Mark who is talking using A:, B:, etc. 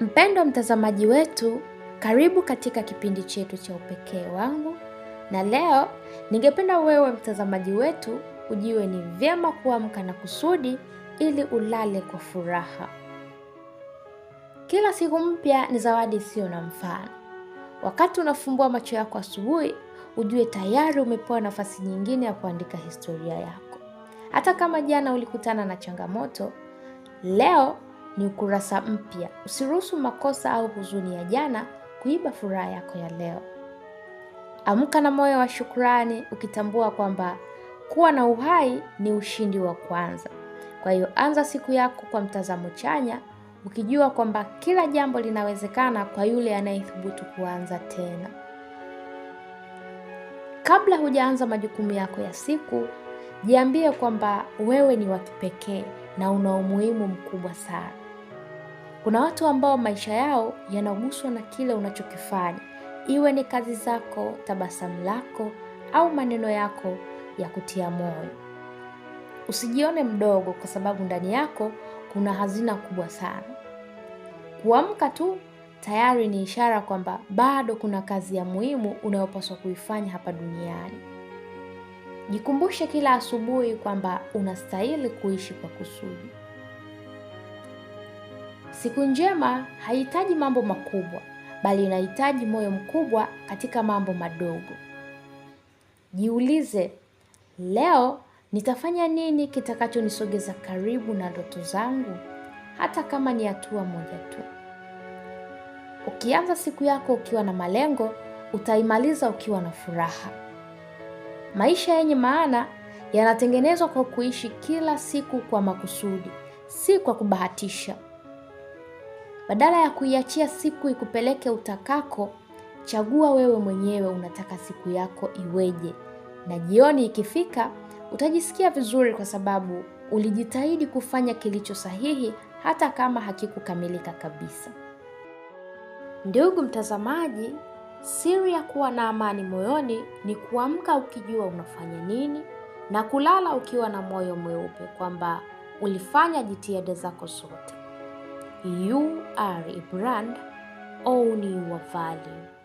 A: Mpendwa mtazamaji wetu, karibu katika kipindi chetu cha Upekee wangu, na leo ningependa wewe mtazamaji wetu ujiwe ni vyema kuamka na kusudi ili ulale kwa furaha. Kila siku mpya ni zawadi isiyo na mfano. Wakati unafumbua macho yako asubuhi, ujue tayari umepewa nafasi nyingine ya kuandika historia yako. Hata kama jana ulikutana na changamoto, leo ni ukurasa mpya. Usiruhusu makosa au huzuni ya jana kuiba furaha yako ya leo. Amka na moyo wa shukrani, ukitambua kwamba kuwa na uhai ni ushindi wa kwanza. Kwa hiyo anza siku yako kwa mtazamo chanya, ukijua kwamba kila jambo linawezekana kwa yule anayethubutu kuanza tena. Kabla hujaanza majukumu yako ya siku, jiambie kwamba wewe ni wa kipekee na una umuhimu mkubwa sana. Kuna watu ambao maisha yao yanaguswa na kile unachokifanya, iwe ni kazi zako, tabasamu lako au maneno yako ya kutia moyo. Usijione mdogo, kwa sababu ndani yako kuna hazina kubwa sana. Kuamka tu tayari ni ishara kwamba bado kuna kazi ya muhimu unayopaswa kuifanya hapa duniani. Jikumbushe kila asubuhi kwamba unastahili kuishi kwa kusudi. Siku njema haihitaji mambo makubwa, bali inahitaji moyo mkubwa katika mambo madogo. Jiulize, leo nitafanya nini kitakachonisogeza karibu na ndoto zangu, hata kama ni hatua moja tu. Ukianza siku yako ukiwa na malengo, utaimaliza ukiwa na furaha. Maisha yenye maana yanatengenezwa kwa kuishi kila siku kwa makusudi, si kwa kubahatisha. Badala ya kuiachia siku ikupeleke utakako, chagua wewe mwenyewe unataka siku yako iweje, na jioni ikifika utajisikia vizuri, kwa sababu ulijitahidi kufanya kilicho sahihi, hata kama hakikukamilika kabisa. Ndugu mtazamaji, siri ya kuwa na amani moyoni ni kuamka ukijua unafanya nini na kulala ukiwa na moyo mweupe kwamba ulifanya jitihada zako zote. You are a brand, own your value.